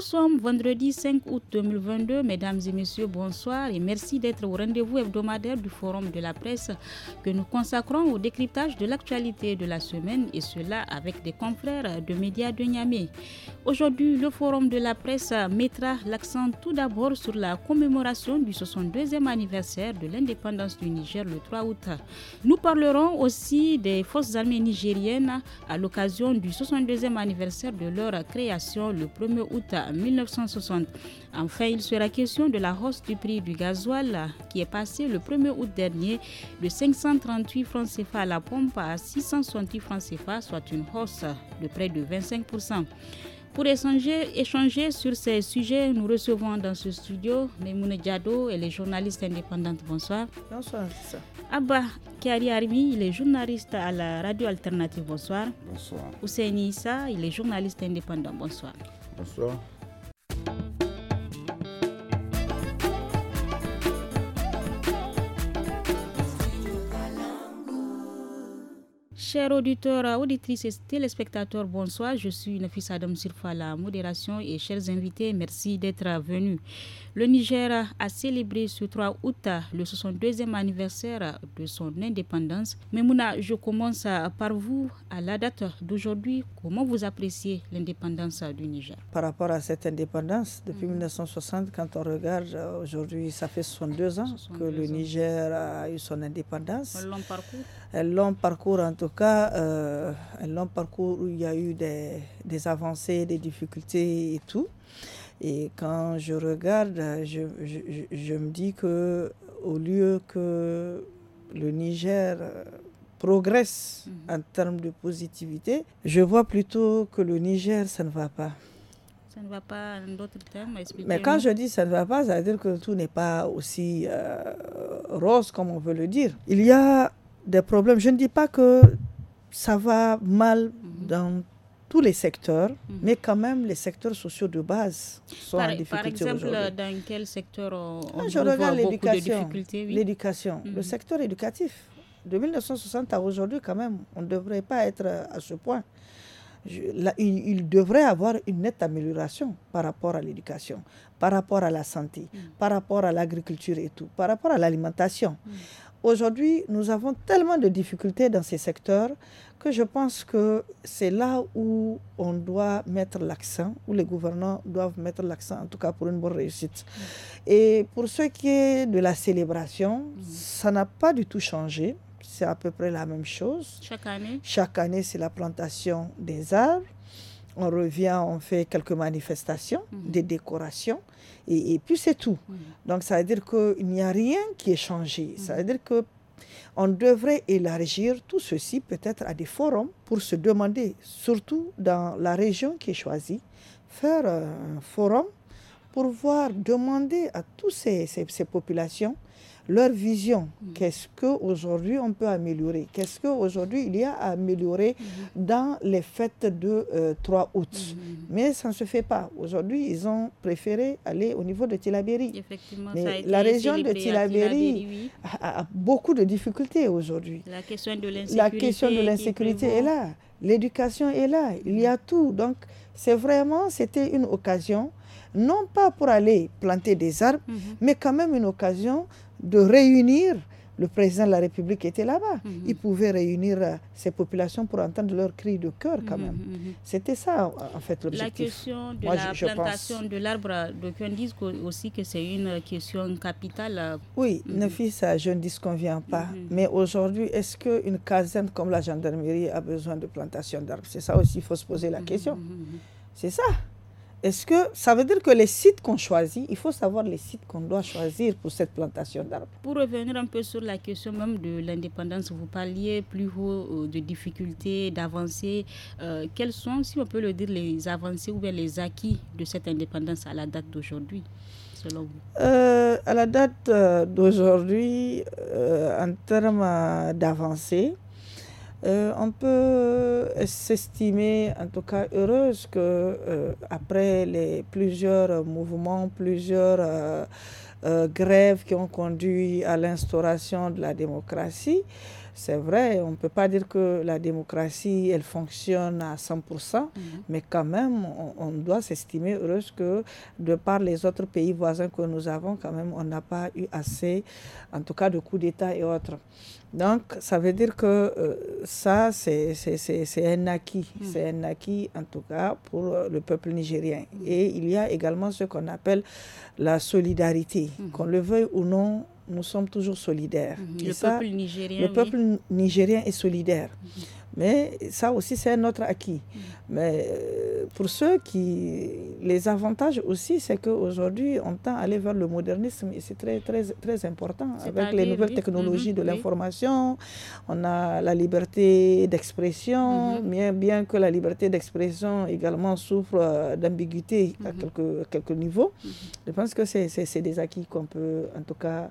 Nous sommes vendredi 5 août 2022. Mesdames et messieurs, bonsoir et merci d'être au rendez-vous hebdomadaire du Forum de la presse que nous consacrons au décryptage de l'actualité de la semaine et cela avec des confrères de médias de Niamey. Aujourd'hui, le Forum de la presse mettra l'accent tout d'abord sur la commémoration du 62e anniversaire de l'indépendance du Niger le 3 août. Nous parlerons aussi des forces armées nigériennes à l'occasion du 62e anniversaire de leur création le 1er août 1960. Enfin, il sera question de la hausse du prix du gasoil qui est passé le 1er août dernier de 538 francs CFA à la pompe à 660 francs CFA, soit une hausse de près de 25%. Pour échanger, sur ces sujets, nous recevons dans ce studio Memoune Diado, elle est journaliste indépendante. Bonsoir. Bonsoir. Abba Kari Armi, il est journaliste à la radio alternative. Bonsoir. Bonsoir. Ousseini Issa, il est journaliste indépendant. Bonsoir. Bonsoir. Thank you. Chers auditeurs, auditrices et téléspectateurs, bonsoir. Je suis Nafis Adam Sirfa, la modération et chers invités, merci d'être venus. Le Niger a célébré ce 3 août le 62e anniversaire de son indépendance. Memouna, je commence par vous. À la date d'aujourd'hui, comment vous appréciez l'indépendance du Niger Par rapport à cette indépendance, depuis 1960, mhm. quand on regarde euh, aujourd'hui, ça fait 62 ans que le Niger a eu son indépendance. Un long parcours un long parcours en tout cas, euh, un long parcours où il y a eu des, avancées, des difficultés et tout. Et quand je regarde, euh, je, me dis que au lieu que le Niger euh, progresse mhm. en termes de positivité, je vois plutôt que le Niger, ça ne va pas. Ça ne va pas en d'autres termes Mais quand je dis ça ne va pas, ça veut dire que tout n'est pas aussi euh, rose comme on veut le dire. Il y a des problèmes. Je ne dis pas que ça va mal dans tous les secteurs, mhm. mais quand même les secteurs sociaux de base sont en difficulté Par exemple, dans quel secteur on, voit ah, Je regarde l'éducation. L'éducation, le mhm. secteur éducatif. De 1960 à aujourd'hui, quand même, on ne devrait pas être à ce point. il, il, devrait avoir une nette amélioration par rapport à l'éducation, par rapport à la santé, mhm. par rapport à l'agriculture et tout, par rapport à l'alimentation. Aujourd'hui, nous avons tellement de difficultés dans ces secteurs que je pense que c'est là où on doit mettre l'accent, où les gouvernants doivent mettre l'accent, en tout cas pour une bonne réussite. Mm. Et pour ce qui est de la célébration, mm. ça n'a pas du tout changé. C'est à peu près la même chose. Chaque année Chaque année, c'est la plantation des arbres on revient, on fait quelques manifestations, mhm. des décorations, et, puis c'est tout. Donc ça veut dire qu'il n'y a rien qui est changé. Mhm. Ça veut dire que on devrait élargir tout ceci peut-être à des forums pour se demander, surtout dans la région qui est choisie, faire euh, un forum pour voir demander à toutes ces populations leur vision. Mm. Qu'est-ce qu'aujourd'hui on peut améliorer Qu'est-ce qu'aujourd'hui il y a à améliorer mm. dans les fêtes de 3 euh, août mm. Mais ça ne se fait pas. Aujourd'hui, ils ont préféré aller au niveau de Tilaberi. Mais la région de Tilaberi a, beaucoup de difficultés aujourd'hui. La question de l'insécurité. est, là. L'éducation est là, il y a tout. Donc, c'est vraiment, c'était une occasion, non pas pour aller planter des arbres, mm-hmm. mais quand même une occasion de réunir. Le président de la République était là-bas. Mhm. Il pouvait réunir euh, ces populations pour entendre leurs cris de cœur quand mhm, même. Mhm, C'était ça, en fait, l'objectif. La question de la plantation de l'arbre, d'aucuns disent aussi que c'est une question capitale. Oui, ne -hmm. ça, je ne vient pas. Mais aujourd'hui, est-ce qu'une caserne comme la gendarmerie a besoin de plantation d'arbres C'est ça aussi, il faut se poser la question. C'est ça. Est-ce que ça veut dire que les sites qu'on choisit, il faut savoir les sites qu'on doit choisir pour cette plantation d'arbres Pour revenir un peu sur la question même de l'indépendance, vous parliez plus haut euh, de difficultés, d'avancées. Euh, Quelles sont, si on peut le dire, les avancées ou bien les acquis de cette indépendance à la date d'aujourd'hui Selon vous euh, à la date d'aujourd'hui, en termes d'avancées, euh, on peut euh, s'estimer en tout cas heureuse que euh, après les plusieurs mouvements, plusieurs grèves qui ont conduit à l'instauration de la démocratie, c'est vrai, on ne peut pas dire que la démocratie, elle fonctionne à 100%, mhm. mais quand même, on, doit s'estimer heureuse que, de par les autres pays voisins que nous avons, quand même, on n'a pas eu assez, en tout cas, de coups d'État et autres. Donc, ça veut dire que euh, ça, c'est un acquis. Mhm. C'est un acquis, en tout cas, pour le peuple nigérien. Et il y a également ce qu'on appelle la solidarité. Mhm. Qu'on le veuille ou non, nous sommes toujours solidaires. Mhm. Le, peuple nigérien, est solidaire. Mhm. Mais ça aussi, c'est notre acquis. Mais euh, pour ceux qui. Les avantages aussi, c'est qu'aujourd'hui, on tend à aller vers le modernisme et c'est très, très, très important. Avec les nouvelles technologies de mhm, l'information, on a la liberté d'expression, mhm. bien, bien que la liberté d'expression également souffre euh, d'ambiguïté mhm. à quelques, niveaux. Je pense que c'est des acquis qu'on peut, en tout cas,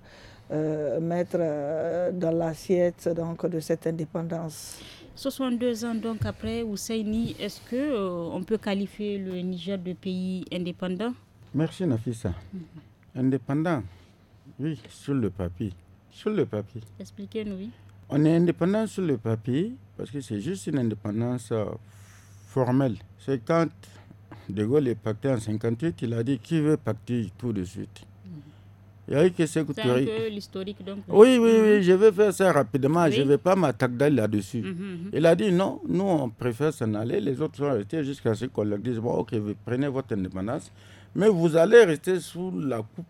euh, mettre dans l'assiette de cette indépendance. 62 ans donc après Ousseini, est-ce que euh, on peut qualifier le Niger de pays indépendant Merci Nafissa. Mhm. Indépendant, oui, sur le papier. Sur le papier. Expliquez-nous, oui. On est indépendant sur le papier parce que c'est juste une indépendance euh, formelle. C'est quand De Gaulle est pacté en 58, il a dit qui veut pacter tout de suite il eu que l'historique donc. Oui, oui, oui, mhm. je vais faire ça rapidement. Je ne vais pas m'attaquer là-dessus. Mhm, mhm. Il a dit non, nous on préfère s'en aller. Les autres sont restés jusqu'à ce qu'on leur dise bon, ok, vous prenez votre indépendance, mais vous allez rester sous la coupe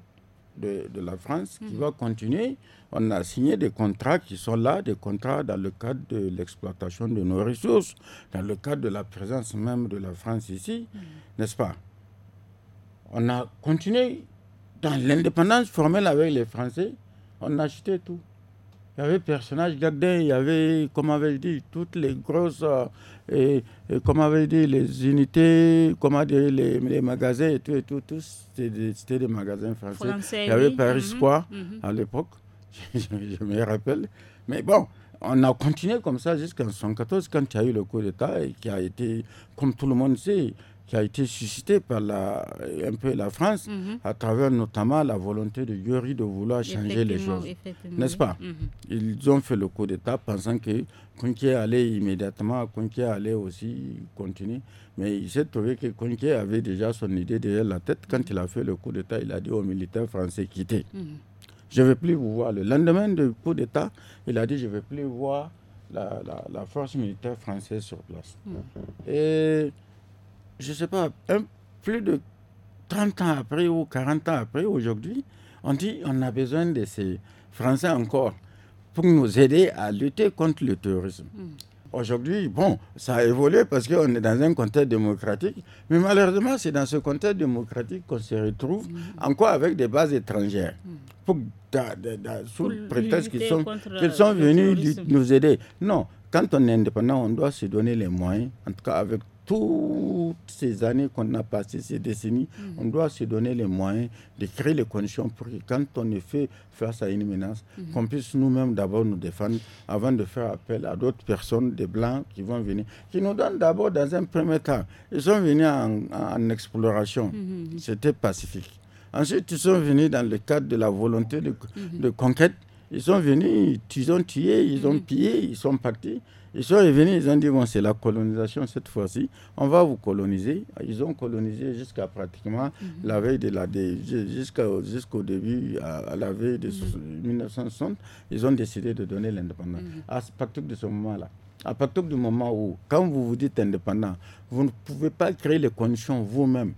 de, la France qui va continuer. On a signé des contrats qui sont là, des contrats dans le cadre de l'exploitation de nos ressources, dans le cadre de la présence même de la France ici, n'est-ce pas On a continué dans l'indépendance formelle avec les Français, on achetait tout. Il y avait personnage Gagdin, il y avait, comme avait dit, toutes les grosses, euh, et, comme avait dit, les unités, comment les, magasins et tout, et tout, c'était des, magasins français. il y avait Paris mhm, Square mhm. à l'époque, je, me rappelle. Mais bon, on a continué comme ça jusqu'en 1914 quand il y a eu le coup d'État, et qui a été, comme tout le monde sait, qui a été suscité par la, un peu la France, mhm. à travers notamment la volonté de Yuri de vouloir changer les choses. N'est-ce pas mhm. Ils ont fait le coup d'État pensant que Conquier allait immédiatement, Conquier allait aussi continuer. Mais il s'est trouvé que Conquier avait déjà son idée derrière la tête. Quand il a fait le coup d'État, il a dit aux militaires français quittez. Mhm. Je ne vais plus vous voir. Le lendemain du coup d'État, il a dit je ne vais plus voir la, la, force militaire française sur place. Et je ne sais pas, plus de 30 ans après ou 40 ans après, aujourd'hui, on dit on a besoin de ces Français encore pour nous aider à lutter contre le terrorisme. Hmm. Aujourd'hui, bon, ça a évolué parce qu'on est dans un contexte démocratique, mais malheureusement, c'est dans ce contexte démocratique qu'on se retrouve hmm. encore avec des bases étrangères, hmm. pour, sous le prétexte qu'ils sont, sont venus nous aider. Non, quand on est indépendant, on doit se donner les moyens, en tout cas avec toutes ces années qu'on a passées, ces décennies, mm. on doit se donner les moyens de créer les conditions pour que quand on est fait face à une menace, mm. qu'on puisse nous-mêmes d'abord nous défendre avant de faire appel à d'autres personnes, des Blancs qui vont venir, qui nous donnent d'abord dans un premier temps. Ils sont venus en, exploration, mm, c'était pacifique. Ensuite, ils sont venus dans le cadre de la volonté de, de conquête. Ils sont venus, ils ont tué, ils ont pillé, ils sont partis. Ils sont revenus, ils ont dit, bon, c'est la colonisation cette fois-ci, on va vous coloniser. Ils ont colonisé jusqu'à pratiquement mhm. la veille de la... jusqu'au début, à, la veille de 1960, mhm. ils ont décidé de donner l'indépendance. Mhm. À partir de ce moment-là, à partir du moment où, quand vous vous dites indépendant, vous ne pouvez pas créer les conditions vous-même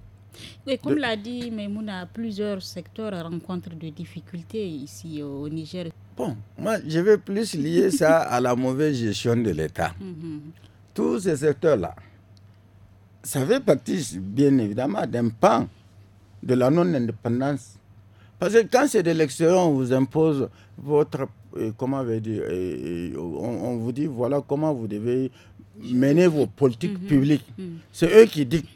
et comme l'a dit Maimouna, plusieurs secteurs rencontrent des difficultés ici au Niger. Bon, moi, je vais plus lier ça à la mauvaise gestion de l'État. Mhm. Tous ces secteurs-là, ça fait partie, bien évidemment, d'un pan de la non-indépendance. Parce que quand c'est de l'extérieur, on vous impose votre. Euh, comment dire euh, euh, on, on, vous dit voilà comment vous devez mener vos politiques mhm. publiques. Mhm. C'est eux qui dictent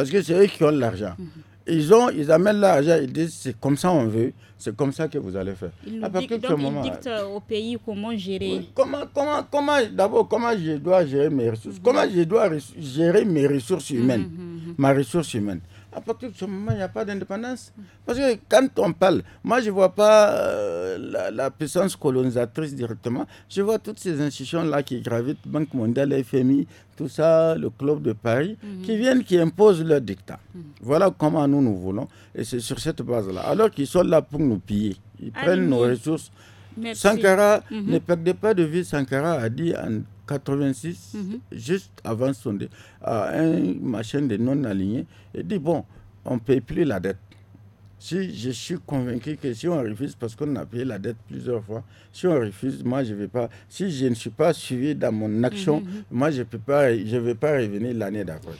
parce que c'est eux qui ont l'argent. Mhm. Ils, ont, ils amènent l'argent, ils disent c'est comme ça on veut, c'est comme ça que vous allez faire. à partir donc, ils dictent euh, au pays comment gérer. comment, comment, d'abord, comment je dois gérer mes ressources, mhm. comment je dois gérer mes ressources mhm, humaines, ma ressource humaine à partir de ce moment, il n'y a pas d'indépendance. Parce que quand on parle, moi, je ne vois pas euh, la, puissance colonisatrice directement. Je vois toutes ces institutions-là qui gravitent, Banque mondiale, FMI, tout ça, le Club de Paris, mhm. qui viennent, qui imposent leur dictat. Mhm. Voilà comment nous, nous voulons. Et c'est sur cette base-là. Alors qu'ils sont là pour nous piller. Ils prennent nos ressources. Sankara, mhm. ne perdez pas de vue, Sankara a dit en 86, mhm. juste avant son dé, à un machin de non-aligné, et dit bon, on ne paye plus la dette. Si je suis convaincu que si on refuse, parce qu'on a payé la dette plusieurs fois, si on refuse, moi je vais pas. Si je ne suis pas suivi dans mon action, mhm. moi je peux pas, je vais pas revenir l'année d'après.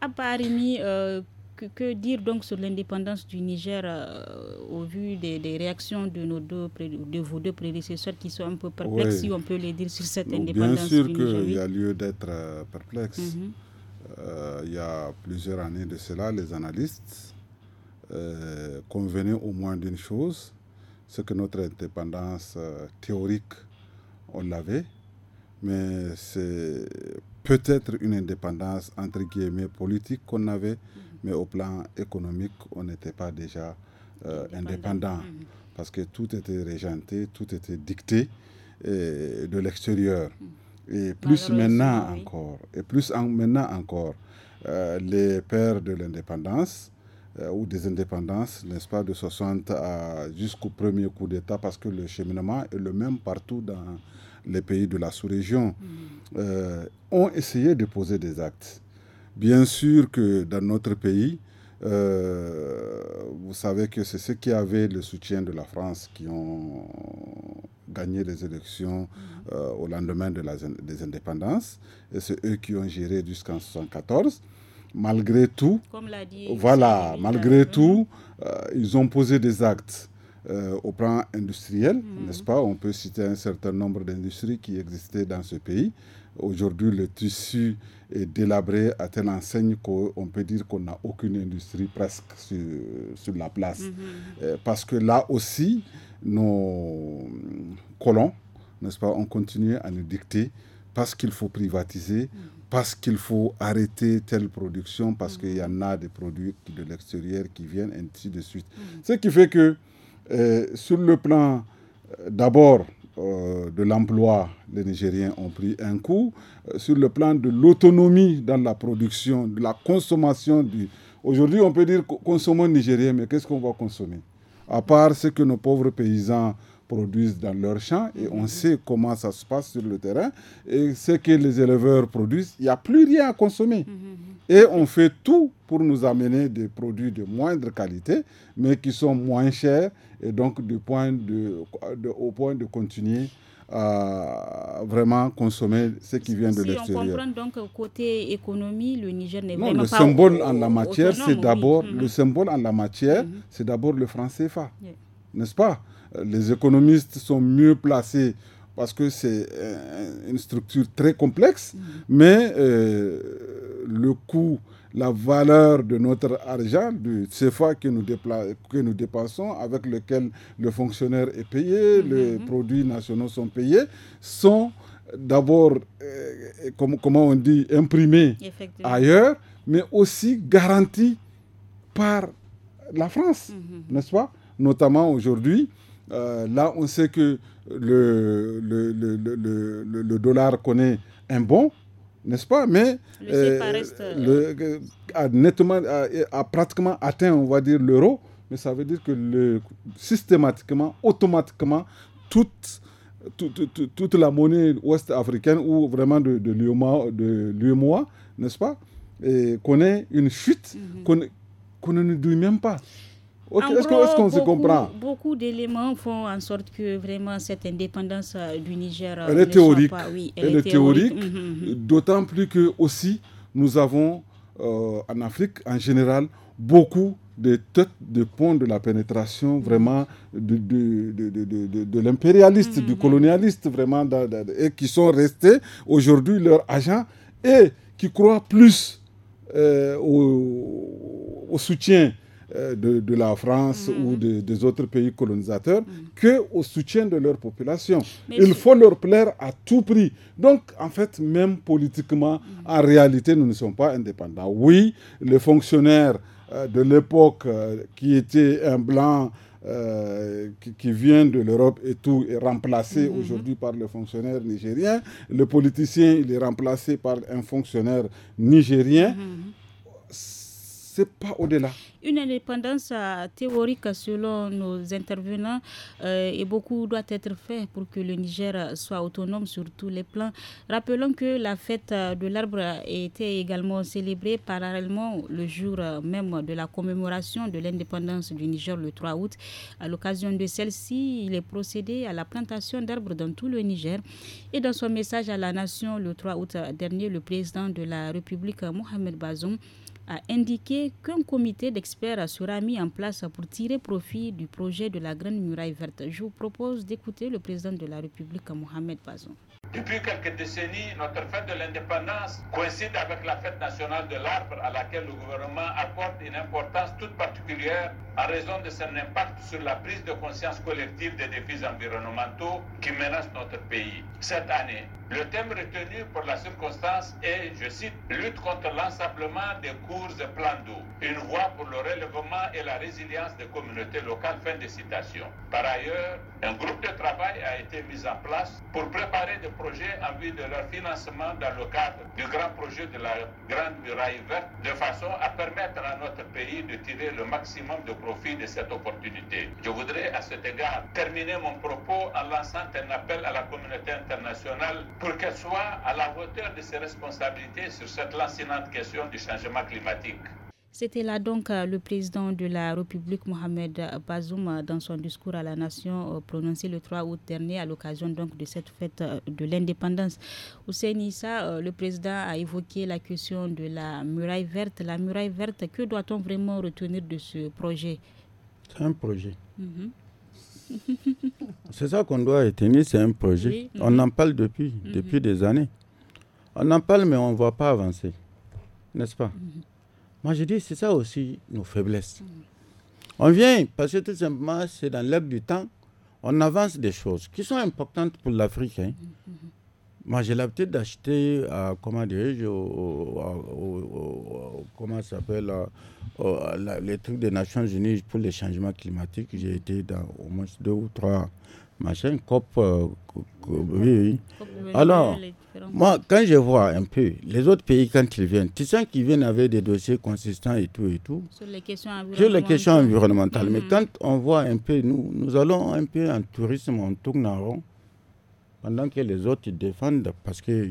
À euh, que, dire donc sur l'indépendance du Niger euh, au vu des, réactions de, nos deux, de vos deux prédécesseurs qui sont un peu perplexes, si on peut les dire, sur cette indépendance Bien sûr qu'il y a lieu d'être euh, perplexe. Mhm. Euh, il y a plusieurs années de cela, les analystes convenaient au moins d'une chose, c'est que notre indépendance théorique, on l'avait, mais c'est peut-être une indépendance entre guillemets politique qu'on avait, mhm. mais au plan économique, on n'était pas déjà euh, indépendant mhm. parce que tout était régenté, tout était dicté de l'extérieur. Mhm. Et plus maintenant encore, et plus maintenant encore, euh, les pères de l'indépendance euh, ou des indépendances, n'est-ce pas, de 60 jusqu'au premier coup d'État, parce que le cheminement est le même partout dans les pays de la sous-région, euh, ont essayé de poser des actes. Bien sûr que dans notre pays, euh, vous savez que c'est ceux qui avaient le soutien de la France qui ont gagné les élections euh, au lendemain de la, des indépendances. Et c'est eux qui ont géré jusqu'en 1974. Malgré tout, voilà, malgré mm. tout, ils ont posé des actes. Euh, au plan industriel, mhm. n'est-ce pas On peut citer un certain nombre d'industries qui existaient dans ce pays. Aujourd'hui, le tissu est délabré à telle enseigne qu'on peut dire qu'on n'a aucune industrie presque sur, la place. Mhm. Euh, parce que là aussi, nos colons, n'est-ce pas, ont continué à nous dicter parce qu'il faut privatiser, mhm. parce qu'il faut arrêter telle production, parce qu'il y en a des produits de l'extérieur qui viennent, ainsi de suite. Ce qui fait que sur le plan euh, d'abord euh, de l'emploi, les Nigériens ont pris un coup. Euh, sur le plan de l'autonomie dans la production, de la consommation du... Aujourd'hui, on peut dire consommons nigérien, mais qu'est-ce qu'on va consommer À part ce que nos pauvres paysans produisent dans leur champ et on mhm. sait comment ça se passe sur le terrain. Et ce que les éleveurs produisent, il n'y a plus rien à consommer. Mhm, mhm. Et on fait tout pour nous amener des produits de moindre qualité, mais qui sont moins chers et donc du point de, au point de continuer à vraiment consommer ce qui vient de l'extérieur. Si on comprend donc côté économie, le Niger n'est même le pas symbole en la matière, c'est d'abord le symbole en la matière, c'est d'abord le franc CFA, n'est-ce pas? Euh, les économistes sont mieux placés parce que c'est une structure très complexe, mm-hmm. mais euh, le coût, la valeur de notre argent, du CFA que nous, que nous dépensons, avec lequel le fonctionnaire est payé, mm-hmm. les produits nationaux sont payés, sont d'abord, euh, comment on dit, imprimés ailleurs, mais aussi garantis par la France, mm-hmm. n'est-ce pas Notamment aujourd'hui, euh, là, on sait que le, le, le, le, dollar connaît un bon, n'est-ce pas Mais euh, euh, a, nettement, a, pratiquement atteint, on va dire, l'euro. Mais ça veut dire que le, systématiquement, automatiquement, toute toute, toute, toute, la monnaie ouest-africaine ou vraiment de, de l'UMOA, n'est-ce pas, et connaît une chute mm-hmm. qu'on ne nous dit même pas. Est-ce qu'on se comprend Beaucoup d'éléments font en sorte que vraiment cette indépendance euh, du Niger. Euh, elle est théorique. oui, elle, est théorique. Mhm, mhm. D'autant plus que aussi nous avons euh, en Afrique en général beaucoup de têtes de pont de la pénétration mhm. vraiment de, l'impérialiste, du colonialiste vraiment, et qui sont restés aujourd'hui leurs agents et qui croient plus au soutien euh, de, la France ou mhm. des autres pays colonisateurs qu'au mhm. que au soutien de leur population. Il faut leur plaire à tout prix. Donc, en fait, même politiquement, mhm. en réalité, nous ne sommes pas indépendants. Oui, le fonctionnaire euh, de l'époque euh, qui était un blanc. qui, vient de l'Europe et tout est remplacé aujourd'hui par le fonctionnaire nigérien. Le politicien, il est remplacé par un fonctionnaire nigérien c'est pas au-delà. Une indépendance euh, théorique selon nos intervenants euh, et beaucoup doit être fait pour que le Niger soit autonome sur tous les plans. Rappelons que la fête euh, de l'arbre était également célébrée parallèlement le jour même de la commémoration de l'indépendance du Niger le 3 août. À l'occasion de celle-ci, il est procédé à la plantation d'arbres dans tout le Niger. Et dans son message à la nation le 3 août dernier, le président de la République, Mohamed Bazoum, a indiqué qu'un comité d'experts sera mis en place pour tirer profit du projet de la Grande Muraille verte. Je vous propose d'écouter le président de la République, Mohamed Bazoum. Depuis quelques décennies, notre fête de l'indépendance coïncide avec la fête nationale de l'arbre à laquelle le gouvernement apporte une importance toute particulière en raison de son impact sur la prise de conscience collective des défis environnementaux qui menacent notre pays. Cette année, le thème retenu pour la circonstance est, je cite, lutte contre l'ensablement des cours plans d'eau, une voie pour le relèvement et la résilience des communautés locales. Fin de citation. Par ailleurs, un groupe de travail a été mis en place pour préparer des projets en vue de leur financement dans le cadre du grand projet de la Grande Muraille Verte, de façon à permettre à notre pays de tirer le maximum de profit de cette opportunité. Je voudrais à cet égard terminer mon propos en lançant un appel à la communauté internationale pour qu'elle soit à la hauteur de ses responsabilités sur cette lancinante question du changement climatique. C'était là donc euh, le président de la République Mohamed Bazoum dans son discours à la nation euh, prononcé le 3 août dernier à l'occasion donc de cette fête euh, de l'indépendance. Hussein Issa, le président a évoqué la question de la muraille verte. La muraille verte, que doit-on vraiment retenir de ce projet C'est un projet. Mhm. c'est ça qu'on doit retenir, c'est un projet. On en parle depuis, mhm. depuis des années. On en parle mais on ne voit pas avancer, n'est-ce pas mhm. Moi, je dis, c'est ça aussi nos faiblesses. On vient parce que tout simplement, c'est dans l'air du temps, on avance des choses qui sont importantes pour l'Afrique. Hein. Moi, j'ai l'habitude d'acheter, euh, comment dirais-je, comment s'appelle, euh, les trucs des Nations Unies pour les changements climatiques. J'ai été dans au moins deux ou trois machin, COP, euh, oui, oui. Alors, moi, quand je vois un peu les autres pays, quand ils viennent, tu sens qu'ils viennent avec des dossiers consistants et tout et tout. Sur les questions environnementales. Mais mhm. quand on voit un peu, nous, nous allons un peu en tourisme, on tourne en rond, pendant que les autres défendent, parce que euh,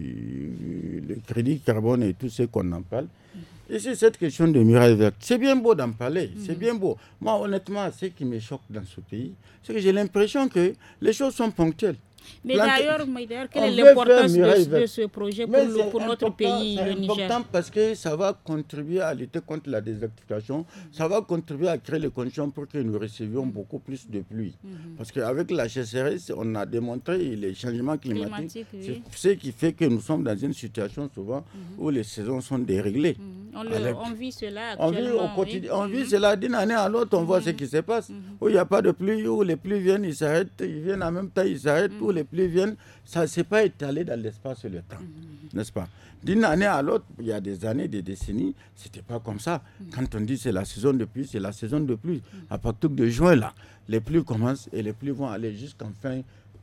le crédit carbone et tout ce qu'on en parle, mhm. Et c'est cette question de Miraille verte. C'est bien beau d'en parler, c'est mhm. bien beau. Moi, honnêtement, ce qui me choque dans ce pays, c'est que j'ai l'impression que les choses sont ponctuelles. Mais d'ailleurs, quelle est l'importance de, ce projet pour, pour notre pays, le Niger C'est important parce que ça va contribuer à lutter contre la désertification, ça va contribuer à créer les conditions pour que nous recevions beaucoup plus de pluie. Mhm. Parce qu'avec la GCRS, on a démontré les changements climatiques. C'est ce qui fait que nous sommes dans une situation souvent mhm. où les saisons sont déréglées. Mhm. On, vit cela actuellement. On vit, on vit cela d'une année à l'autre, on voit ce qui se passe. Où il n'y a pas de pluie, où les pluies viennent, ils s'arrêtent, ils viennent en même temps, ils s'arrêtent, les pluies viennent, ça ne s'est pas étalé dans l'espace et le temps, n'est-ce pas D'une année à l'autre, il y a des années, des décennies, c'était pas comme ça. Quand on dit c'est la saison de pluie, c'est la saison de pluie. À partir de juin, là, les pluies commencent et les pluies vont aller jusqu'en fin,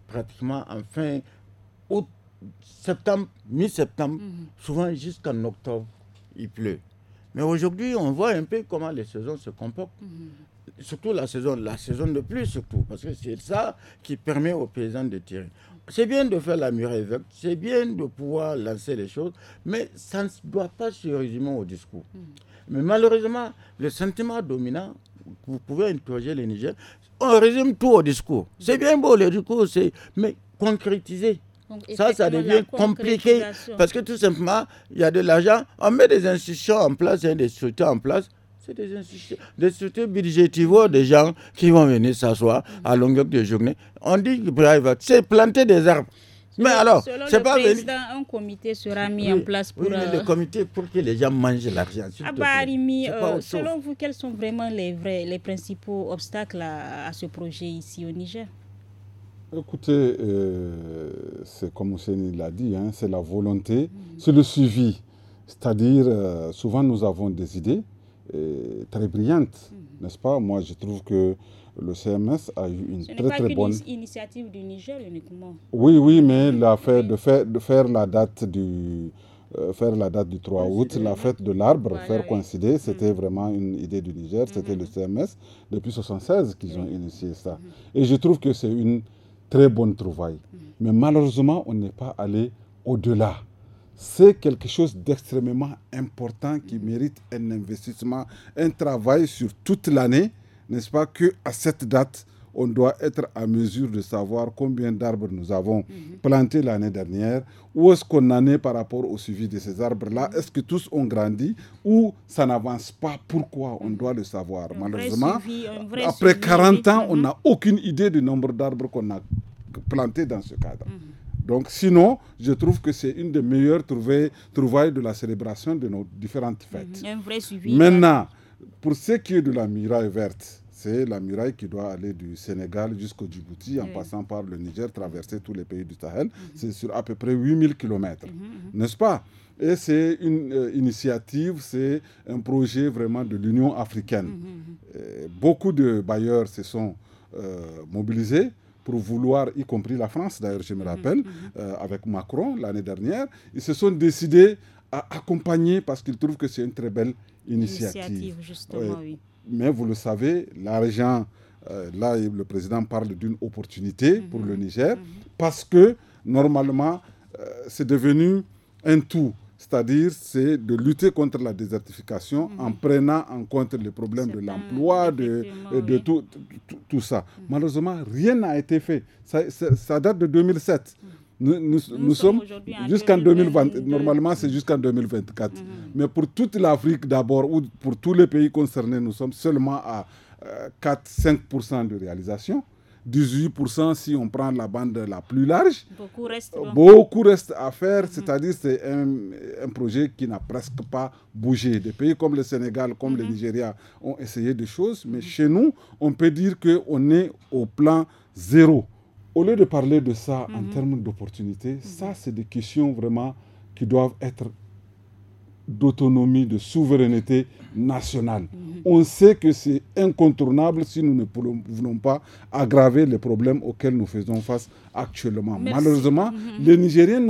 pratiquement en fin août, septembre, mi-septembre, souvent jusqu'en octobre, il pleut. Mais aujourd'hui, on voit un peu comment les saisons se comportent surtout la saison, la saison de pluie surtout, parce que c'est ça qui permet aux paysans de tirer. C'est bien de faire la muraille verte, c'est bien de pouvoir lancer les choses, mais ça ne doit pas se résumer au discours. Hmm. Mais malheureusement, le sentiment dominant, vous pouvez interroger les Niger, on résume tout au discours. C'est bien beau le discours, mais concrétiser. ça, ça devient compliqué parce que tout simplement, il y a de l'argent, on met des institutions en place, des structures en place, c'est des structures des budgétivaux, des gens qui vont venir s'asseoir à longueur de journée. On dit que c'est planter des arbres. Mais alors, c'est pas président, un comité sera mis en place pour. Euh, le comité pour que les gens mangent l'argent. Euh, selon vous, quels sont vraiment les, vrais, les principaux obstacles à, ce projet ici au Niger Écoutez, euh, c'est comme Ousseini l'a dit, hein, c'est la volonté, c'est le suivi. C'est-à-dire, souvent nous avons des idées, très brillante, mhm. n'est-ce pas Moi, je trouve que le CMS a eu une Ce très pas très bonne initiative du Niger uniquement. Oui, oui, mais la de, faire, de faire la date du euh, faire la date du 3 août, la fête de l'arbre, faire coïncider, c'était mhm. vraiment une idée du Niger, c'était le mhm. CMS depuis 1976 qu'ils ont initié ça. Et je trouve que c'est une très bonne trouvaille. Mais malheureusement, on n'est pas allé au-delà c'est quelque chose d'extrêmement important qui mérite un investissement, un travail sur toute l'année, n'est-ce pas, que à cette date, on doit être à mesure de savoir combien d'arbres nous avons mhm. plantés l'année dernière, où est-ce qu'on en est par rapport au suivi de ces arbres-là, mhm. est-ce que tous ont grandi ou ça n'avance pas, pourquoi on mhm. doit le savoir. Malheureusement, après 40 ans, on n'a aucune idée du nombre d'arbres qu'on a plantés dans ce cadre. Donc sinon, je trouve que c'est une des meilleures trouvailles de la célébration de nos différentes fêtes. Mhm. Un vrai suivi. Hein. Maintenant, pour ce qui est de la muraille verte, c'est la muraille qui doit aller du Sénégal jusqu'au Djibouti en passant par le Niger, traverser tous les pays du Sahel. Mhm. C'est sur à peu près 8000 km, mhm, n'est-ce pas Et c'est une euh, initiative, c'est un projet vraiment de l'Union africaine. beaucoup de bailleurs se sont euh, mobilisés pour vouloir, y compris la France d'ailleurs, je me mhm, rappelle, mhm. Euh, avec Macron l'année dernière, ils se sont décidés à accompagner parce qu'ils trouvent que c'est une très belle initiative. Mais vous le savez, l'argent, région, euh, là le président parle d'une opportunité mhm, pour le Niger, parce que normalement euh, c'est devenu un tout c'est-à-dire c'est de lutter contre la désertification mhm. en prenant en compte les problèmes de l'emploi, de, de tout, tout, ça. Mhm. Malheureusement, rien n'a été fait. Ça, date de 2007. Mhm. Nous, nous, sommes, jusqu'en 2020, normalement c'est jusqu'en 2024. Mais pour toute l'Afrique d'abord, ou pour tous les pays concernés, nous sommes seulement à 4-5% euh, de réalisation. 18% si on prend la bande la plus large. Beaucoup reste, hein. à faire, c'est-à-dire c'est un, projet qui n'a presque pas bougé. Des pays comme le Sénégal, comme le mhm. Nigeria ont essayé des choses, mais chez nous, on peut dire qu'on est au plan zéro. Au lieu de parler de ça en mhm. termes d'opportunités, ça mhm. c'est des questions vraiment qui doivent être d'autonomie, de souveraineté nationale. On sait que c'est incontournable si nous ne voulons pas aggraver les problèmes auxquels nous faisons face actuellement. Malheureusement, mhm, mhm. les Nigériens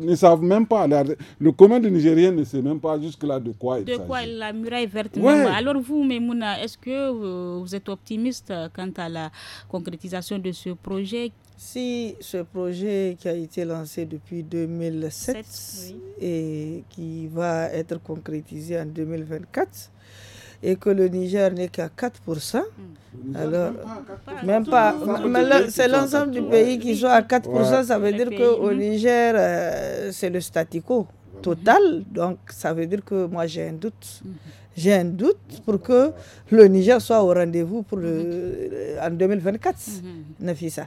ne savent même pas. Le commun des Nigériens ne sait même pas jusque-là de quoi il s'agit. De quoi la muraille verte. Alors vous, Memouna, est-ce que euh, vous êtes optimiste quant à la concrétisation de ce projet si ce projet qui a été lancé depuis 2007 et qui va être concrétisé en 2024, et que le Niger n'est qu'à 4%, hmm. alors même pas, c'est l'ensemble du pays qui soit à 4%, ça veut dire que qu'au hmm. Niger, euh, c'est le quo total, donc ça veut dire que moi j'ai un doute. Hmm j'ai un doute pour que le Niger soit au rendez-vous pour en 2024, mhm. Nafisa.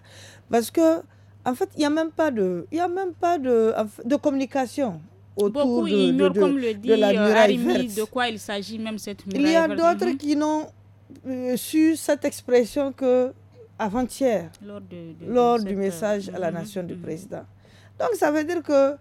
Parce que, en fait, il n'y a même pas de, y a même pas de, communication autour de, la muraille de quoi il s'agit même cette Il y a d'autres qui n'ont euh, su cette expression que avant-hier, lors, du message à la euh, nation du mhm. président. Donc ça veut dire que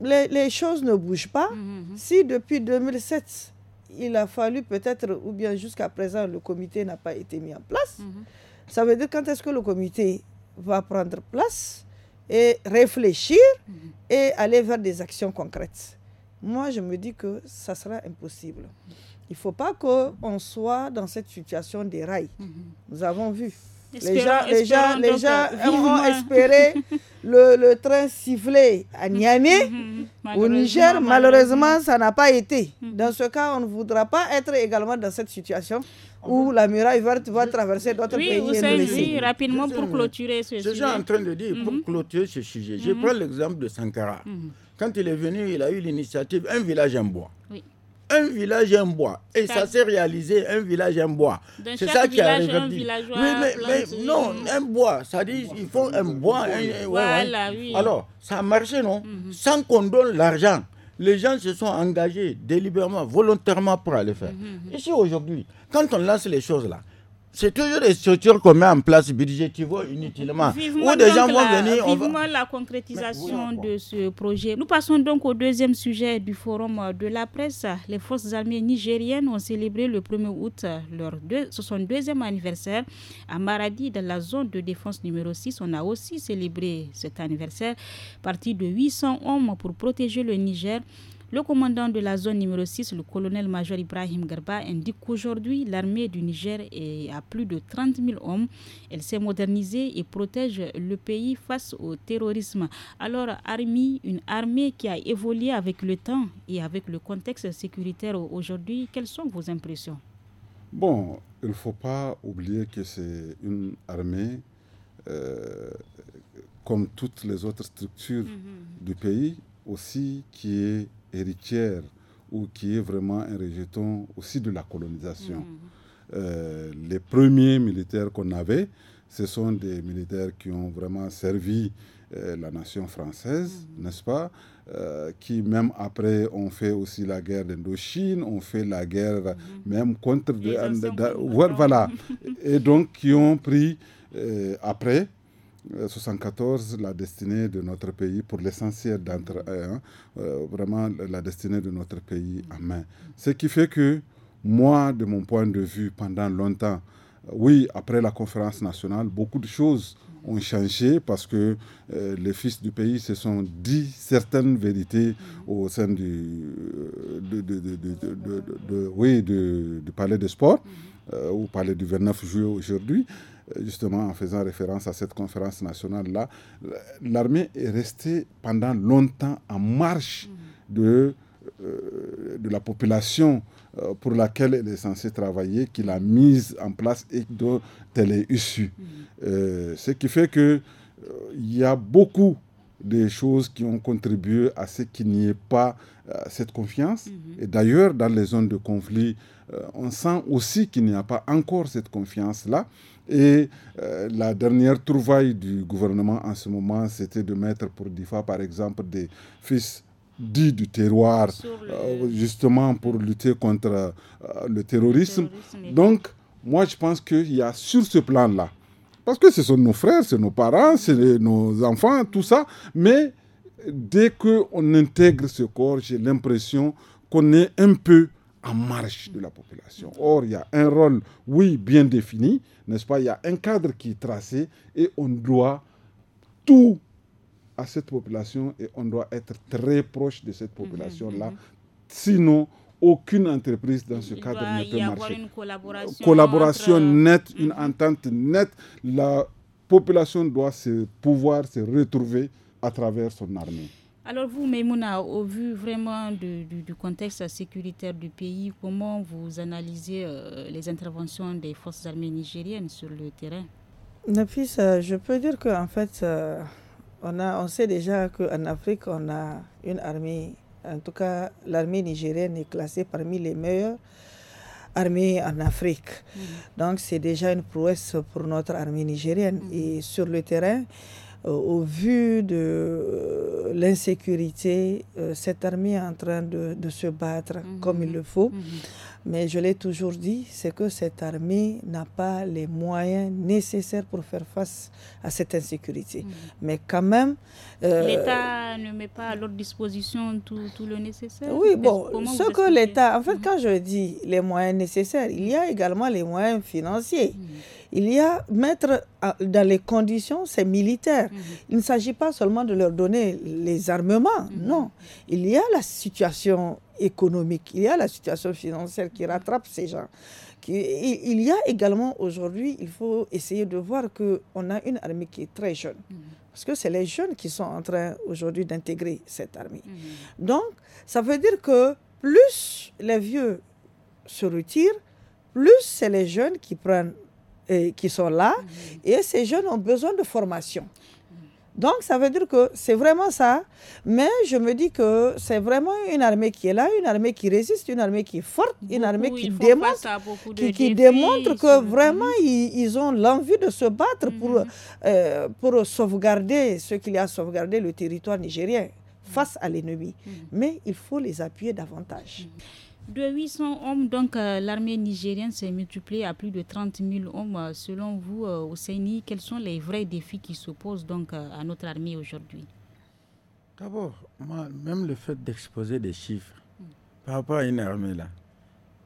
les choses ne bougent pas mhm, si depuis 2007 il a fallu peut-être, ou bien jusqu'à présent, le comité n'a pas été mis en place. Mhm. Ça veut dire quand est-ce que le comité va prendre place et réfléchir mhm. et aller vers des actions concrètes. Moi, je me dis que ça sera impossible. Il ne faut pas qu'on soit dans cette situation des rails. Mhm. Nous avons vu les gens, les gens, ont espéré le, le, train siffler à mhm. Niamey, mhm. au Niger. Malheureusement, ça n'a pas été. Mhm. Dans ce cas, on ne voudra pas être également dans cette situation où la muraille verte va traverser d'autres oui, pays. Et nous oui, rapidement pour clôturer ce sujet. Je suis en train de dire, pour clôturer ce sujet, je prends l'exemple de Sankara. Quand il est venu, il a eu l'initiative Un village en bois. Oui un village, un bois. Et ça, s'est réalisé, un village, un bois. C'est ça qui a village Oui, mais, non, un bois, ça dit, il faut un bois. Alors, ça a marché, non mhm. Sans qu'on donne l'argent. Les gens se sont engagés délibérément, volontairement pour aller faire. Mhm. Ici, aujourd'hui, quand on lance les choses là, c'est toujours des structures qu'on met en place budget inutilement. Vivement où la, Vivement la concrétisation de ce projet. Nous passons donc au deuxième sujet du forum de la presse. Les forces armées nigériennes ont célébré le 1er août leur 62e anniversaire à Maradi, dans la zone de défense numéro 6. On a aussi célébré cet anniversaire, partie de 800 hommes pour protéger le Niger. Le commandant de la zone numéro 6, le colonel-major Ibrahim Garba, indique qu'aujourd'hui, l'armée du Niger est à plus de 30 000 hommes. Elle s'est modernisée et protège le pays face au terrorisme. Alors, Army, une armée qui a évolué avec le temps et avec le contexte sécuritaire aujourd'hui, quelles sont vos impressions Bon, il ne faut pas oublier que c'est une armée euh, comme toutes les autres structures mm-hmm. du pays aussi qui est héritière ou qui est vraiment un rejeton aussi de la colonisation. Mm. Euh, les premiers militaires qu'on avait, ce sont des militaires qui ont vraiment servi euh, la nation française, mm. n'est-ce pas euh, Qui même après ont fait aussi la guerre d'Indochine, ont fait la guerre mm. même contre... voilà. Et donc qui ont pris après 74, la destinée de notre pays, pour l'essentiel d'entre eux, hein. euh, vraiment la destinée de notre pays en main. Ce qui fait que moi, de mon point de vue, pendant longtemps, oui, après la conférence nationale, beaucoup de choses changé parce que euh, les fils du pays se sont dit certaines vérités mm-hmm. au sein du, euh, de, de, sport oui, palais au palais du 29 juillet aujourd'hui. Euh, justement, en faisant référence à cette conférence nationale-là, l'armée est restée pendant longtemps en marche mm-hmm. de de la population pour laquelle elle est censée travailler, qu'il a mise en place et de elle est issue. Euh, ce qui fait que euh, il y a beaucoup de choses qui ont contribué à ce qu'il n'y ait pas euh, cette confiance. Mhm. Et d'ailleurs, dans les zones de conflit, on sent aussi qu'il n'y a pas encore cette confiance-là. Et la dernière trouvaille du gouvernement en ce moment, c'était de mettre pour DIFA, par exemple, des fils dits du terroir, justement pour lutter contre Le terrorisme Donc, moi, je pense qu'il y a sur ce plan-là, parce que ce sont nos frères, c'est nos parents, c'est nos enfants, tout ça, mais dès qu'on intègre ce corps, j'ai l'impression qu'on est un peu en marche de la population. Or, il y a un rôle, oui, bien défini, n'est-ce pas Il y a un cadre qui est tracé et on doit tout à cette population et on doit être très proche de cette population-là. Mhm, mhm. Sinon, aucune entreprise dans ce cadre ne y Avoir une collaboration, collaboration nette, une mm-hmm. entente nette. La population doit se pouvoir se retrouver à travers son armée. Alors vous, Maimouna, au vu vraiment du, contexte sécuritaire du pays, comment vous analysez euh, les interventions des forces armées nigériennes sur le terrain Nafis, euh, je peux dire qu'en fait, euh, on, a, on sait déjà qu'en Afrique, on a une armée en tout cas, l'armée nigérienne est classée parmi les meilleures armées en Afrique. Mm. Donc c'est déjà une prouesse pour notre armée nigérienne. Mm. Et sur le terrain, euh, au vu de euh, l'insécurité, euh, cette armée est en train de, se battre mhm. comme il le faut. Mhm. Mais je l'ai toujours dit, c'est que cette armée n'a pas les moyens nécessaires pour faire face à cette insécurité. Mhm. Mais quand même... L'État ne met pas à leur disposition tout, tout le nécessaire Oui, bon, ce que l'État... En fait, quand je dis les moyens nécessaires, il y a également les moyens financiers il y a mettre euh, dans les conditions ces militaires. Mhm. Il ne s'agit pas seulement de leur donner les armements, mhm. non. Il y a la situation économique, il y a la situation financière qui mhm. rattrape ces gens. Il y a également aujourd'hui, il faut essayer de voir qu'on a une armée qui est très jeune. Parce que c'est les jeunes qui sont en train aujourd'hui d'intégrer cette armée. Donc, ça veut dire que plus les vieux se retirent, plus c'est les jeunes qui prennent qui sont là. Mhm. Et ces jeunes ont besoin de formation. Donc, ça veut dire que c'est vraiment ça. Mais je me dis que c'est vraiment une armée qui est là, une armée qui résiste, une armée qui est forte, une armée qui démontre, démontre que vraiment mhm. ils, ont l'envie de se battre pour, mhm. euh, pour sauvegarder ce qu'il y a à sauvegarder, le territoire nigérien, face à l'ennemi. Mais il faut les appuyer davantage. De 800 hommes, donc euh, l'armée nigérienne s'est multipliée à plus de 30 000 hommes. Euh, selon vous, au euh, CENI, quels sont les vrais défis qui s'opposent donc à notre armée aujourd'hui D'abord, même le fait d'exposer des chiffres par rapport à une armée là,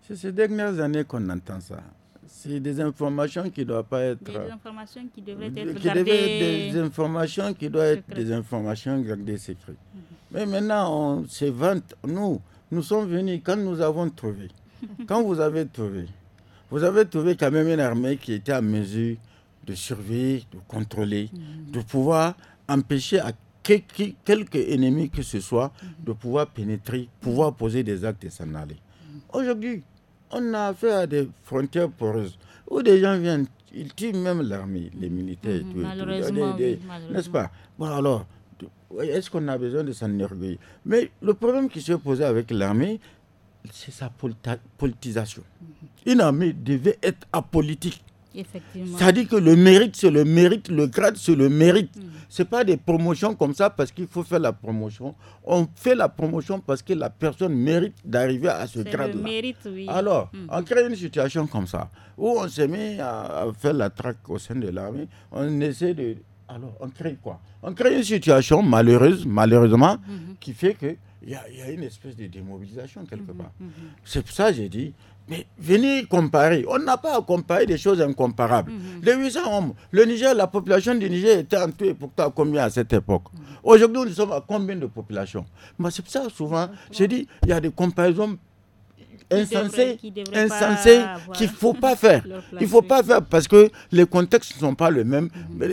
c'est ces dernières années qu'on entend ça. C'est des informations qui ne doivent pas être. Des informations qui devraient être gardées. des informations qui doivent être des informations gardées secrètes. Mhm. Mais maintenant, on se vante, nous, nous sommes venus quand nous avons trouvé. Quand vous avez trouvé, vous avez trouvé quand même une armée qui était en mesure de surveiller, de contrôler, de pouvoir empêcher à quelque, ennemi que ce soit de pouvoir pénétrer, pouvoir poser des actes et s'en aller. Aujourd'hui, on a affaire à des frontières poreuses où des gens viennent, ils tuent même l'armée, les militaires. malheureusement, N'est-ce pas Bon, alors, est-ce qu'on a besoin de s'enorgueillir Mais le problème qui se posait avec l'armée, c'est sa politisation. Mhm. Une armée devait être apolitique. C'est-à-dire que le mérite, c'est le mérite, le grade, c'est le mérite. Mhm. C'est Ce n'est pas des promotions comme ça parce qu'il faut faire la promotion. On fait la promotion parce que la personne mérite d'arriver à ce grade-là. Oui. Alors, mhm. on crée une situation comme ça, où on se met à faire la traque au sein de l'armée, on essaie de alors, on crée quoi On crée une situation malheureuse, malheureusement, mhm. qui fait qu'il y, a une espèce de démobilisation quelque mhm, part. Mhm. C'est pour ça que j'ai dit, mais venez comparer. On n'a pas à comparer des choses incomparables. Les 800 hommes, le Niger, la population du Niger était en tout et pourtant combien à cette époque Aujourd'hui, nous sommes à combien de population C'est pour ça souvent, j'ai dit, il y a des comparaisons insensé, insensé, qu'il ne faut pas faire. Il ne faut pas faire parce que les contextes ne sont pas les mêmes. Mhm.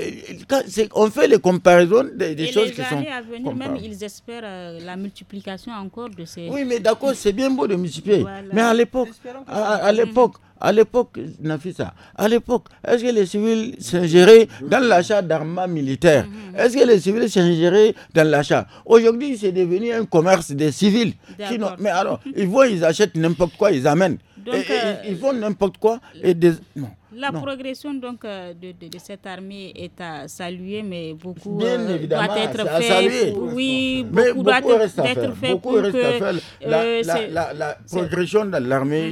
Quand on fait les comparaisons des, choses qui sont. les années À venir, même, ils espèrent euh, la multiplication encore de ces. Oui, mais d'accord, c'est bien beau de multiplier. Mais à l'époque, à, l'époque, à l'époque, Nafisa, à l'époque, est-ce que les civils s'ingéraient dans l'achat d'armes militaires mhm. Est-ce que les civils s'ingéraient dans l'achat Aujourd'hui, c'est devenu un commerce des civils. mais alors, ils vont, ils achètent n'importe quoi, ils amènent. ils, euh, ils font n'importe quoi. Et des, non. La progression donc euh, de, de, cette armée est à saluer, mais beaucoup euh, doit être fait. oui, beaucoup, doit être, fait. faire. Hum, hum, hum. La, la, la, progression de l'armée,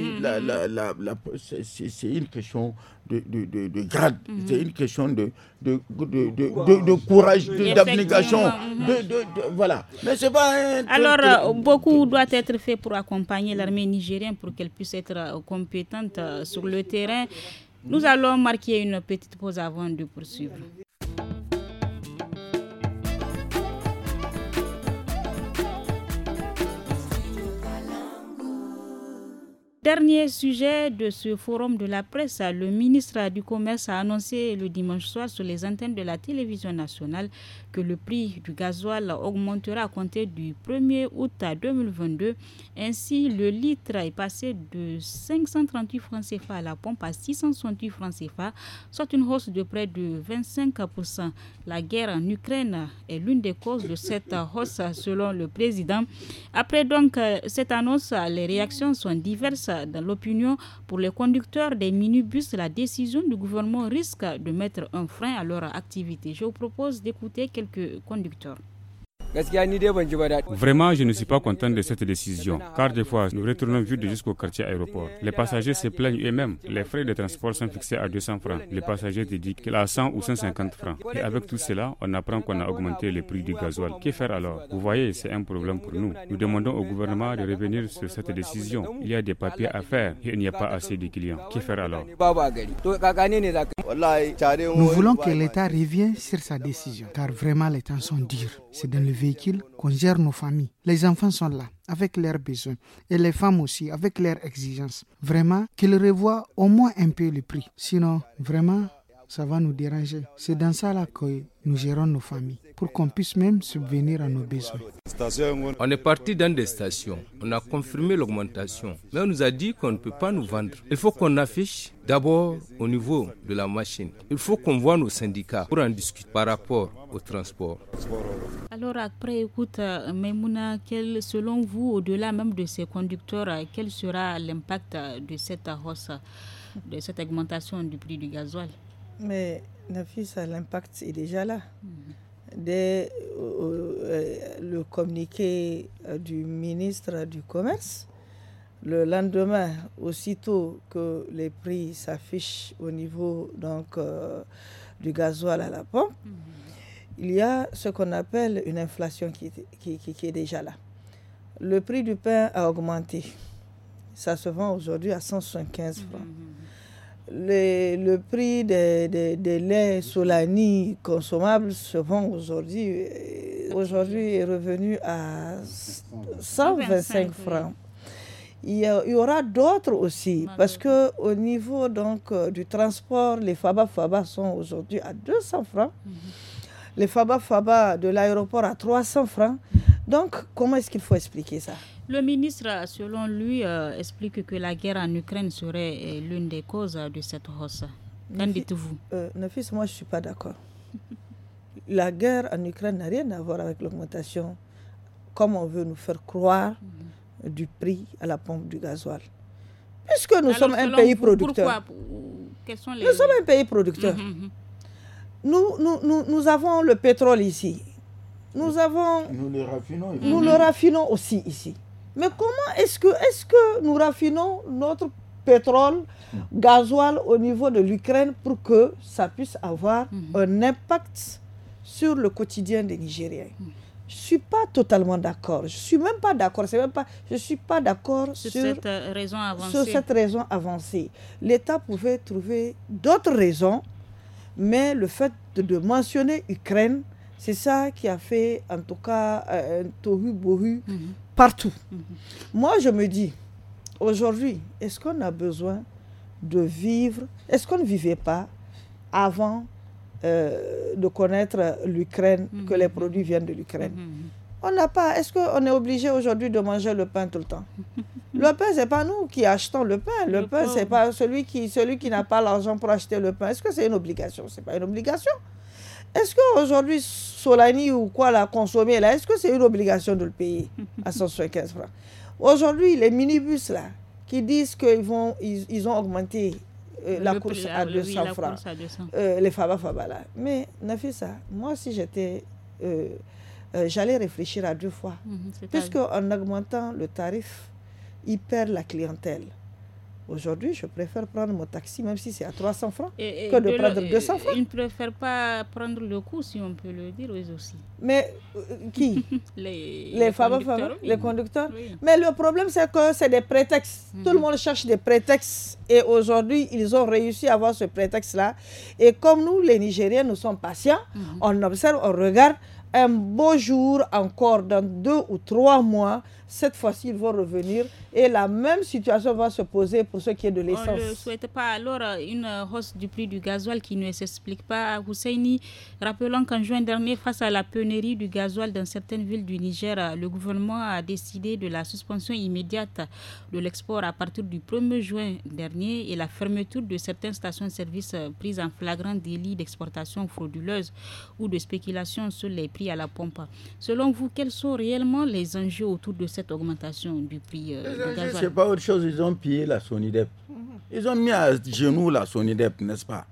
c'est une question de, de, de, grade. C'est une question de, de, de, courage, d'abnégation. De, voilà. Mais c'est pas Alors, euh, beaucoup doit être fait pour accompagner l'armée nigérienne pour qu'elle puisse être compétente sur le terrain. Nous allons marquer une petite pause avant de poursuivre. Dernier sujet de ce forum de la presse, le ministre du Commerce a annoncé le dimanche soir sur les antennes de la télévision nationale que le prix du gasoil augmentera à compter du 1er août 2022. Ainsi, le litre est passé de 538 francs CFA à la pompe à 668 francs CFA, soit une hausse de près de 25%. La guerre en Ukraine est l'une des causes de cette hausse, selon le président. Après donc euh, cette annonce, les réactions sont diverses dans l'opinion pour les conducteurs des minibus, la décision du gouvernement risque de mettre un frein à leur activité. Je vous propose d'écouter quelques conducteurs. Vraiment, je ne suis pas content de cette décision, car des fois, nous retournons vite jusqu'au quartier aéroport. Les passagers se plaignent eux-mêmes. Les frais de transport sont fixés à 200 francs. Les passagers te dit qu'il 100 ou 150 francs. Et avec tout cela, on apprend qu'on a augmenté les prix du gasoil. Que faire alors Vous voyez, c'est un problème pour nous. Nous demandons au gouvernement de revenir sur cette décision. Il y a des papiers à faire et il n'y a pas assez de clients. Que faire alors Nous voulons que l'État revienne sur sa décision, car vraiment les temps sont durs. C'est dans le véhicules qu'on gère nos familles. Les enfants sont là avec leurs besoins et les femmes aussi avec leurs exigences. Vraiment, qu'ils revoient au moins un peu le prix. Sinon, vraiment, ça va nous déranger. C'est dans ça là que nous gérons nos familles, pour qu'on puisse même subvenir à nos besoins. On est parti dans des stations, on a confirmé l'augmentation, mais on nous a dit qu'on ne peut pas nous vendre. Il faut qu'on affiche d'abord au niveau de la machine. Il faut qu'on voit nos syndicats pour en discuter par rapport au transport. Alors après, écoute, Maimouna, selon vous, au-delà même de ces conducteurs, quel sera l'impact de cette hausse, de cette augmentation du prix du gasoil mais Nafis, l'impact est déjà là. Mm-hmm. Dès euh, euh, le communiqué euh, du ministre du Commerce, le lendemain, aussitôt que les prix s'affichent au niveau donc, du gasoil à la pompe, mm-hmm. il y a ce qu'on appelle une inflation qui, est déjà là. Le prix du pain a augmenté. Ça se vend aujourd'hui à 175 francs. Mm-hmm le, le prix des de, laits Solani consommables se vend aujourd'hui euh, aujourd'hui est revenu à 125 francs. Il y, aura d'autres aussi, parce que au niveau donc euh, du transport, les Faba Faba sont aujourd'hui à 200 francs, mhm. les Faba Faba de l'aéroport à 300 francs. Donc, comment est-ce qu'il faut expliquer ça le ministre, selon lui, euh, explique que la guerre en Ukraine serait euh, l'une des causes de cette hausse. Qu'en dites-vous euh, Nefis, moi je ne suis pas d'accord. la guerre en Ukraine n'a rien à voir avec l'augmentation, comme on veut nous faire croire, mhm. du prix à la pompe du gasoil. Puisque nous sommes un pays producteur. Mhm, mhm. Nous sommes un pays producteur. Nous, nous, avons le pétrole ici. Nous avons. Nous le raffinons aussi ici. Mais comment est-ce que, est que nous raffinons notre pétrole, gasoil au niveau de l'Ukraine pour que ça puisse avoir mhm. un impact sur le quotidien des Nigériens Je ne suis pas totalement d'accord. Je ne suis même pas d'accord. Je suis pas d'accord euh, sur, cette raison avancée. L'État pouvait trouver d'autres raisons, mais le fait de, mentionner Ukraine, c'est ça qui a fait, en tout cas, euh, un tohu-bohu mhm partout. Mhm. Moi, je me dis, aujourd'hui, est-ce qu'on a besoin de vivre Est-ce qu'on ne vivait pas avant euh, de connaître l'Ukraine, mhm. que les produits viennent de l'Ukraine mhm. On n'a pas. Est-ce qu'on est obligé aujourd'hui de manger le pain tout le temps Le pain, ce n'est pas nous qui achetons le pain. Le, pain, ce n'est pas celui qui, celui qui n'a pas l'argent pour acheter le pain. Est-ce que c'est une obligation Ce n'est pas une obligation. Est-ce qu'aujourd'hui, Solani ou quoi l'a consommer là, est-ce que c'est une obligation de le payer à 175 francs Aujourd'hui, les minibus là, qui disent qu'ils vont, ils, ont augmenté euh, la, course à 200 francs, euh, les Faba Faba là. Mais ça, moi si j'étais. Euh, j'allais réfléchir à deux fois. Mhm, puisque en augmentant le tarif, ils perdent la clientèle. Aujourd'hui, je préfère prendre mon taxi, même si c'est à 300 francs, que de, prendre 200 francs. Ils ne préfèrent pas prendre le coup, si on peut le dire, eux aussi. Mais euh, qui Les, les, les conducteurs. Les conducteurs. Mais le problème, c'est que c'est des prétextes. Mhm. Tout le monde cherche des prétextes. Et aujourd'hui, ils ont réussi à avoir ce prétexte-là. Et comme nous, les Nigériens, nous sommes patients, mhm. on observe, on regarde. Un beau jour, encore dans deux ou trois mois, cette fois-ci, ils vont revenir et la même situation va se poser pour ce qui est de l'essence. On ne souhaite pas. Alors, euh, une euh, hausse du prix du gasoil qui ne s'explique pas. Husseini, rappelant qu'en juin dernier, face à la pénurie du gasoil dans certaines villes du Niger, euh, le gouvernement a décidé de la suspension immédiate de l'export à partir du 1er juin dernier et la fermeture de certaines stations-service prises en flagrant délit d'exportation frauduleuse ou de spéculation sur les prix à la pompe. Selon vous, quels sont réellement les enjeux autour de cette augmentation du prix euh, C'est pas autre chose, ils ont pillé la Sonidep. Ils ont mis à genoux la Sonidep, n'est-ce pas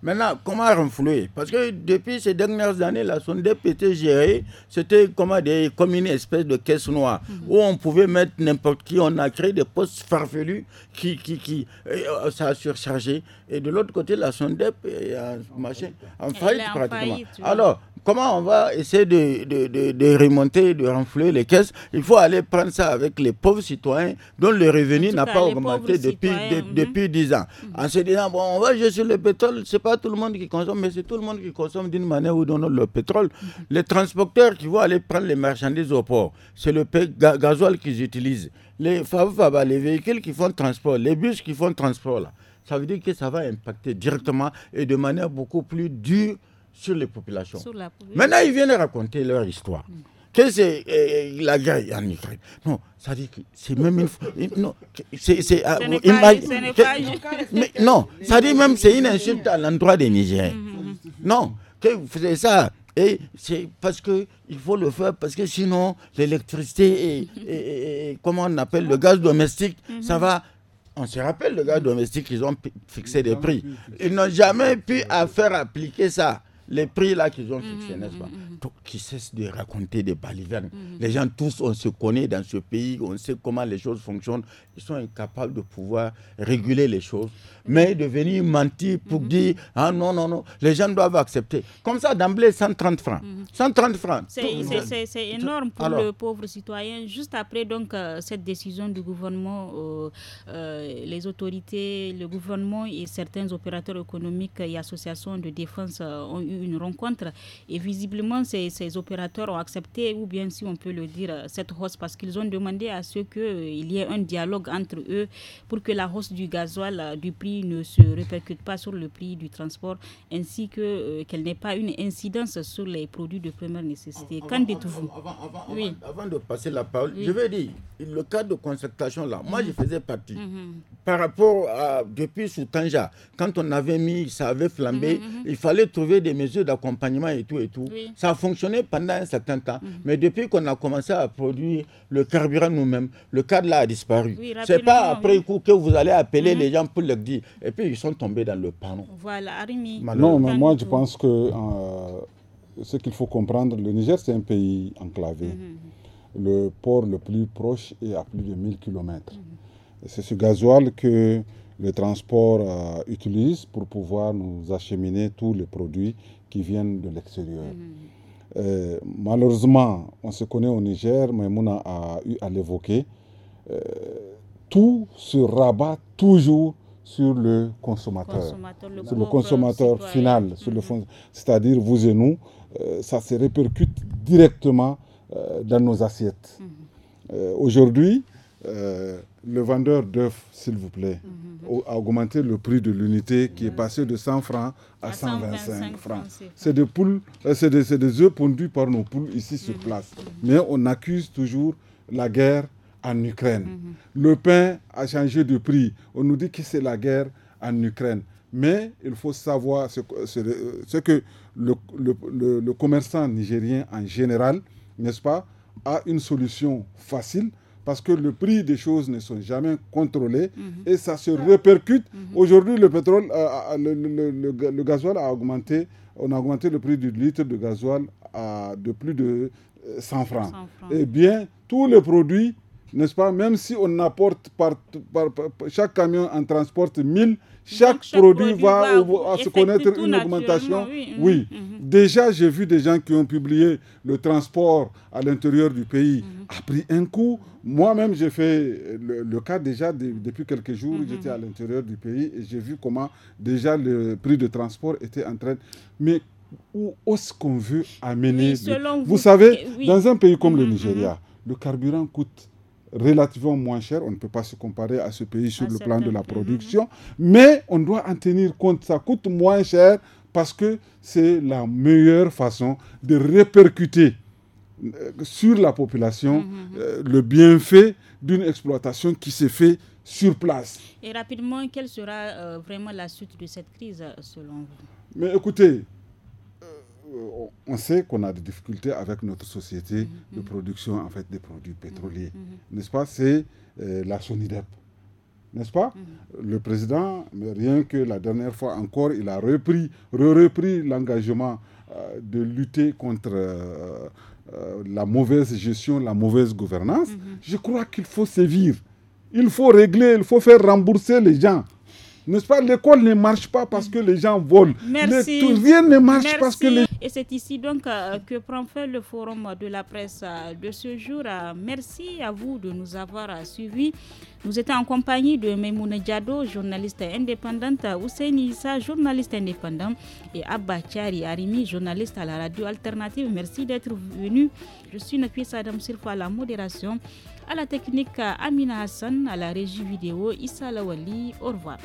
Maintenant, comment renflouer Parce que depuis ces dernières années, la Sonidep était gérée, c'était comme, des, comme une espèce de caisse noire, mhm. où on pouvait mettre n'importe qui, on a créé des postes farfelus qui, qui, qui euh, ça a surchargé. Et de l'autre côté, la Sonidep est en, machin, pratiquement. En faillite, Alors, comment on va essayer de, de, de, de remonter, de renflouer les caisses Il faut aller prendre ça avec les pauvres citoyens dont le revenu n'a pas augmenté depuis, depuis 10 mm-hmm. ans. Mm-hmm. En se disant, bon, on va juste le pétrole, c'est pas tout le monde qui consomme, mais c'est tout le monde qui consomme d'une manière ou d'une autre le pétrole. Mm-hmm. Les transporteurs qui vont aller prendre les marchandises au port, c'est le gasoil qu'ils utilisent. Les, les véhicules qui font transport, les bus qui font transport, ça veut dire que ça va impacter directement et de manière beaucoup plus dure sur les populations. Maintenant, ils viennent raconter leur histoire. Mm. Que c'est euh, la guerre en Ukraine. Non, ça dit que c'est même une. Non, c'est. non, ça dit même c'est une insulte à l'endroit des Nigériens. Mm, mm, non, que vous faites ça. Et c'est parce que faut le faire, parce que sinon, l'électricité et, comment on appelle le gaz domestique, ça va on se rappelle, le gaz domestique, ils ont fixé des prix. Ils n'ont jamais pu faire appliquer ça les prix là qu'ils ont fixés, mm, n'est-ce mm, pas Donc, mm, qui cessent de raconter des balivernes. Les gens tous, on se connaît dans ce pays, on sait comment les choses fonctionnent. Ils sont incapables de pouvoir réguler les choses. Mais de venir mentir pour dire, ah non, non, non, les gens doivent accepter. Comme ça, d'emblée, 130 francs. 130 francs. C'est énorme pour le pauvre citoyen. Juste après donc euh, cette décision du gouvernement, euh, euh, les autorités, le gouvernement et certains opérateurs économiques et associations de défense ont eu une rencontre et visiblement ces, ces, opérateurs ont accepté, ou bien si on peut le dire, cette hausse parce qu'ils ont demandé à ce qu'il euh, y ait un dialogue entre eux pour que la hausse du gasoil, euh, du prix ne se répercute pas sur le prix du transport ainsi que euh, qu'elle n'ait pas une incidence sur les produits de première nécessité. Qu'en dites-vous avant, oui. avant, de passer la parole, je veux dire, le cas de concertation là, moi mhm. je faisais partie. Mhm par rapport à depuis Soutanja, quand on avait mis, ça avait flambé, mhm, mhm. il fallait trouver des mesures d'accompagnement et tout et tout. Ça a fonctionné pendant un certain temps, mhm. mais depuis qu'on a commencé à produire le carburant nous-mêmes, le cadre là a disparu. c'est pas après coup que vous allez appeler les gens pour leur dire, et puis ils sont tombés dans le panneau. Voilà, Arimi. Non, mais moi je pense que euh, ce qu'il faut comprendre, le Niger c'est un pays enclavé. Le port le plus proche est à plus de 1000 km. C'est ce gasoil que le transport euh, utilise pour pouvoir nous acheminer tous les produits qui viennent de l'extérieur. Mm-hmm. Euh, malheureusement, on se connaît au Niger, mais a eu à l'évoquer, euh, tout se rabat toujours sur le consommateur, sur le consommateur final, mm-hmm. c'est-à-dire vous et nous, ça se répercute directement dans nos assiettes. Mm-hmm. Aujourd'hui, le vendeur d'œufs, s'il vous plaît, mhm. a augmenté le prix de l'unité qui est mhm. passé de 100 francs à, 125, francs. C'est des poules, euh, c'est des, œufs pondus par nos poules ici sur mhm. place. Mais on accuse toujours la guerre en Ukraine. Le pain a changé de prix. On nous dit que c'est la guerre en Ukraine. Mais il faut savoir ce, que euh, le commerçant nigérien en général, n'est-ce pas, a une solution facile parce que le prix des choses ne sont jamais contrôlés mhm. et ça se répercute. Mhm. Aujourd'hui, le pétrole, euh, euh, le, gasoil a augmenté. On a augmenté le prix du litre de gasoil à de plus de 100 euh, 100 francs. Eh bien, tous les produits n'est-ce pas Même si on apporte par, chaque camion en transporte 1000, chaque, produit, va, se connaître une augmentation. Oui. Mhm. Déjà, j'ai vu des gens qui ont publié le transport à l'intérieur du pays mhm. a pris un coup. Moi-même, j'ai fait le, cas déjà depuis quelques jours. Mhm. J'étais à l'intérieur du pays et j'ai vu comment déjà le prix de transport était en train. Mais où est-ce qu'on veut amener vous, savez, dans un pays comme le Nigeria, le carburant coûte relativement moins cher. On ne peut pas se comparer à ce pays sur le plan de la production, mais on doit en tenir compte. Ça coûte moins cher parce que c'est la meilleure façon de répercuter euh, sur la population mhm, euh, mhm. le bienfait d'une exploitation qui s'est fait sur place. Et rapidement, quelle sera euh, vraiment la suite de cette crise selon vous Mais écoutez, on sait qu'on a des difficultés avec notre société mm-hmm. de production en fait des produits mm-hmm. pétroliers, mm-hmm. n'est-ce pas C'est euh, la Sonidep, n'est-ce pas Le président, rien que la dernière fois encore, il a repris, l'engagement euh, de lutter contre euh, la mauvaise gestion, la mauvaise gouvernance. Je crois qu'il faut sévir, il faut régler, il faut faire rembourser les gens. N'est-ce pas L'école ne marche pas parce que les gens volent. Merci. rien ne marche parce que les... Et c'est ici donc euh, que prend fin le forum de la presse euh, de ce jour. Euh, merci à vous de nous avoir suivis. Nous étions en compagnie de Memouna Diado, journaliste indépendante, Hussein Issa, journaliste indépendant, et Abba Chari Arimi, journaliste à la radio alternative. Merci d'être venu. Je suis Nakui Sadam Sirfa, à la modération, à la technique Amina Hassan, à la régie vidéo Issa Lawali. Au revoir.